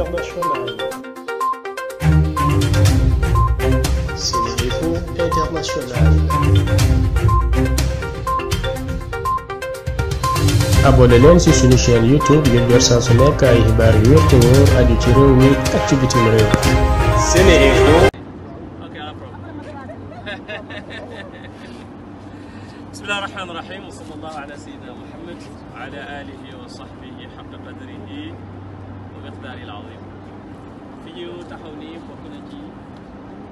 internationale. Sénérinfo International. abonné leen ci suñu chaîne YouTube ngir jot saa su nekk ay xibaar yu wér te wóor aju ci réew mi ak ci bitim réew. Sénérinfo. bismillahi rahmaani rahim wa sallallahu ala sayyidina Muhammad wa ala alihi wa sahbihi haqqa qadrihi miqdaari l azim fi ñu taxaw nii bokk na ci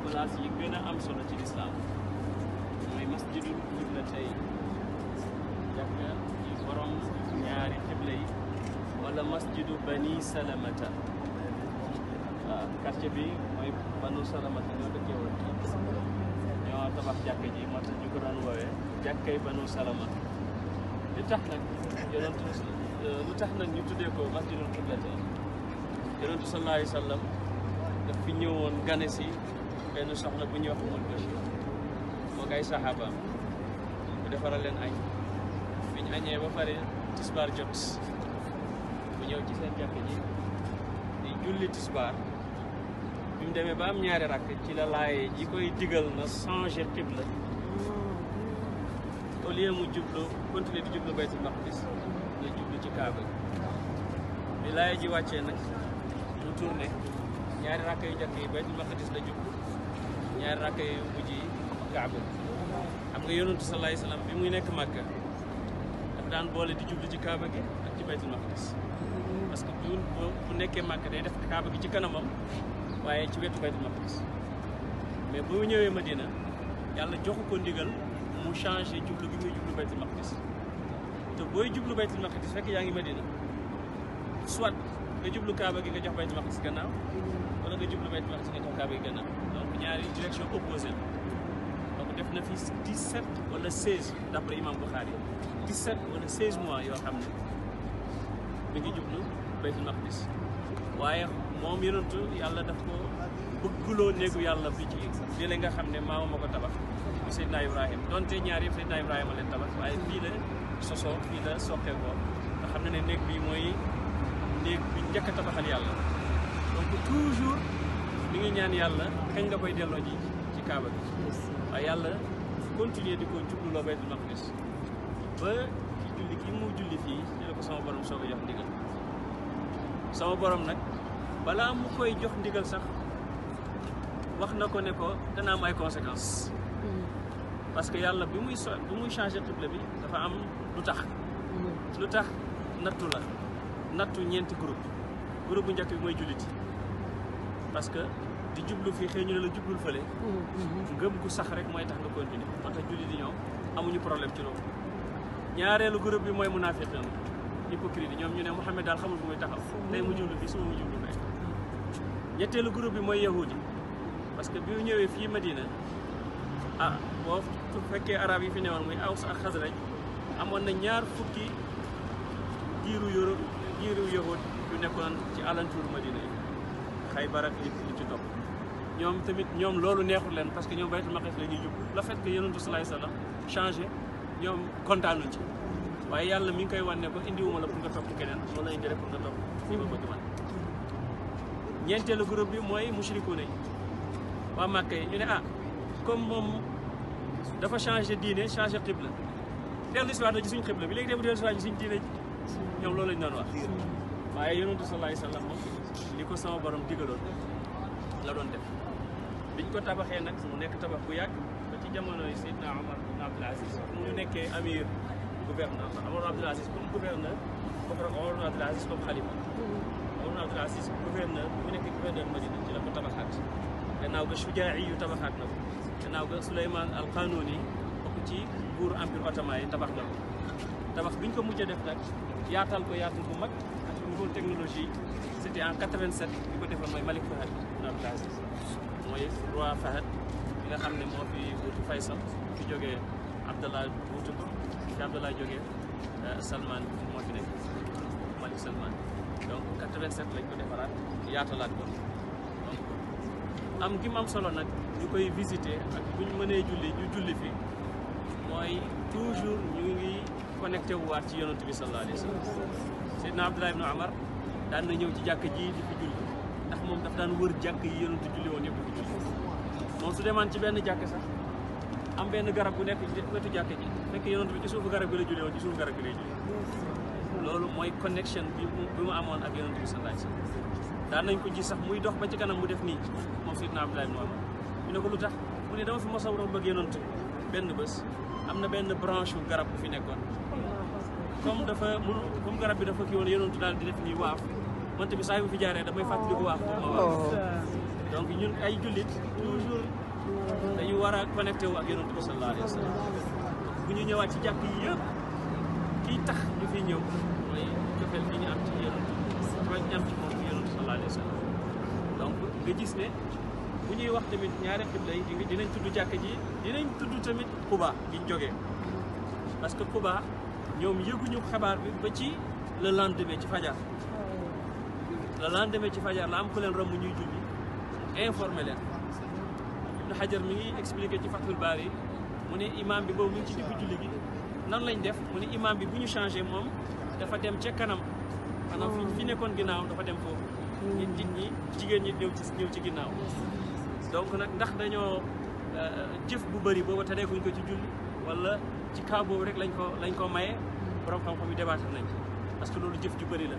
place yi gën a am solo ci lislaam mooy masjidul qiblatay jàkka ci borom ñaari xibla yi wala masjidu bani salamata waaw quartier bi mooy banu salamata ñoo dëkkee woon ñoo tabax jàkka ji moo tax ñu ko daan woowee jàkkay banu salamata li tax nag yonentu lu tax nag ñu tuddee ko masjidul qiblatay yonentu sallallahu alayhi wa sallam daf fi ñëwoon gane si benn soxna bu ñëw wax Umul Bachir moo ay saxaabaam bu defaral leen añ bi añee ba pare tisbaar jot bu ñëw ci seen jàkka ji di julli tisbaar bi mu demee ba am ñaari rakk ci la laaye ji koy digal na changer qibla au lieu mu jublu continuer di jublu baytul maqdis na jublu ci kaaba bi laaye ji wàccee nag tourné ñaari rakk yu njëkk yi baytul maqdis la jublu ñaari rakk yu mujj yi kaaba xam nga yonantu salaay salaam bi muy nekk màkka daf daan boole di jublu ci kaaba gi ak ci baytul maqdis parce que bu nekkee màkk day def kaaba gi ci kanamam waaye ci wetu baytul maqdis mais bu ñëwee Madina yàlla joxu ko ndigal mu changé jublu gi muy jublu baytul maqdis te booy jublu baytul maqdis fekk yaa ngi Madina soit nga jublu kaaba gi nga jox baytul maqdis gannaaw wala nga jublu baytul maqdis nga jox kaaba ñaari direction opposée la donc def na fi 17 wala 16 d'après imam Bukhari 17 wala 16 mois yoo xam ne mi ngi jublu baytul maqdis waaye moom yonentu yàlla daf ko bëgguloo néegu yàlla bi ci lii la nga xam ne maama ma ko tabax bu Seydina Ibrahima donte ñaar yëpp Seydina Ibrahima leen tabax waaye fii la sosoo fii la soqee ko nga xam ne ne néeg bi njëkk a tabaxal yàlla donc toujours mu ngi ñaan yàlla kañ nga koy delloo ji ci kaaba bi waaye yàlla continuer di ko jubluloo baytul maqdis ba ci julli gi mu julli fii ci la ko sama borom soo ko jox ndigal sama borom nag balaa mu koy jox ndigal sax wax na ko ne ko dana am ay conséquences parce que yàlla bi muy so bi muy changé triple bi dafa am lu tax mm-hmm. lu tax nattu la nattu ñeenti groupe groupe bu njëkk bi mooy jullit parce que di jublu fii xëy ñu ne la jublul fële mhm. ngëm gu sax rek mooy tax nga continuer moo tax jullit ñoom problème ci loolu ñaareelu groupe bi mooy munaafiq yi hypocrite ñoom ñu ne Muhammad daal xamul fu muy taxaw mhm. tey mu jublu fii suba mu jublu fee ñetteelu groupe bi mooy yahudi parce que bi mu ñëwee fii Madina ah boo fekkee arab yi fi newoon muy aws ak xasraj amoon na ñaar fukki giiru Yóoróob giiru yahud yu nekkoon ci alentour Madina yi Xaybar ak li ci topp ñoom tamit ñoom loolu neexul leen parce que ñoom baytul maqdis la ñuy jublu le fait que yonentu salaay salaam changé ñoom kontaanuñ ci waaye yàlla mi ngi koy wan ne ko indiwuma la pour nga topp ci keneen moo la indi rek pour nga topp fi ma bëgg man ñeenteelu groupe bi mooy mushrikuuna yi waa Màkka yi ñu ne ah comme moom dafa changé diine changé xibla dellu si waat na ci suñ xibla bi léegi dee bu dellu si waat ci suñ diine ji ñoom loolu lañ doon wax waaye yonentu sallallahu alayhi wa sallam li ko sama borom digaloon la doon def biñ ko tabaxee nag mu nekk tabax bu yàgg ba ci jamono yi Seydina Omar bin Abdul Aziz mu nekkee amir gouverneur Omar Abdul Aziz comme gouverneur bokk rek Omar Abdul Aziz comme xalifa Omar Abdul Aziz gouverneur bu mu nekkee gouverneur Madina ci la ko tabaxaat gannaaw ga Shujaa'i tabaxaat na ko gannaaw ga Souleymane al Qanouni bokk ci buur am ottoman yi tabax na ko tabax biñ ko mujj def nag yaatal ko yaatu bu mag ak nouvelle technologie c' en quatre bi ko defoon ko Malick Fahad Abdoul Aziz mooy roi Fahad nga xam ne moo fi wuutu Faysal fi jógee Abdallah wuutu ko fi Abdallah jógee euh, Salman moo fi nekk Malick Salman donc 87 lañ ko defaraat yaatalaat ko am gi am solo nag ñu koy visiter ak bu ñu mënee julli ñu julli fi mooy toujours ñu ngi. connecté wu waat ci yonent bi sallallahu alayhi na sallam Seydina Abdullah Amar daan na ñëw ci jàkk ji di fi julli ndax moom daf daan wër jàkk yi yonent julli woon yëpp di julli moom su demaan ci benn jàkk am benn garab bu nekk ci wetu jàkk ji bi ci suufu garab la julli woon ci suufu garab loolu mooy connection bi bi mu amoon ak yonent bi sallallahu nañ ko gis sax muy dox ba ci kanam mu def nii moom Seydina Amar ñu ne ko lu tax mu ne dama fi mos a dox bëgg yonent benn bés am na benn branche wu garab bu fi nekkoon comme dafa mënu comme garab bi dafa kii woon yonentu daal di def nii waaf man tamit saa yu fi jaaree damay fàttali ko waaf ma waaf oh. donc ñun ay jullit toujours dañu war a connecté wu ak yonentu bi sallallahu wa sallam bu ñu ñëwaat ci jàkk yi yëpp ki tax ñu fi ñëw mooy cofeel gi ñu am ci yonentu mooy ñu ci moom ci yonentu sallallahu wa sallam donc nga gis ne bu ñuy wax tamit ñaari xibla yi dinañ tudd jàkk ji dinañ tudd tamit Quba bi joge parce que Quba ñoom yëguñu xabaar bi ba ci le lendemain ci fajar le lendemain ci fajar la am ku leen romb ñuy julli informé leen Ibn mi ngi expliqué ci Fathul Baari yi mu ne imam bi boobu ngi ci diggu julli bi nan lañ def mu ne imam bi bu ñu changé moom dafa dem ca kanam maanaam fi fi nekkoon ginnaaw dafa dem foofu hmm. nit ñi jigéen ñi ñëw ci ñëw ci ginnaaw donc nag ndax dañoo euh, jëf bu bëri booba te defuñ ko ci julli wala ci cas rek lañ ko lañ ko maye borom xam-xam yi débattre nañ ci parce que loolu jëf ju bëri la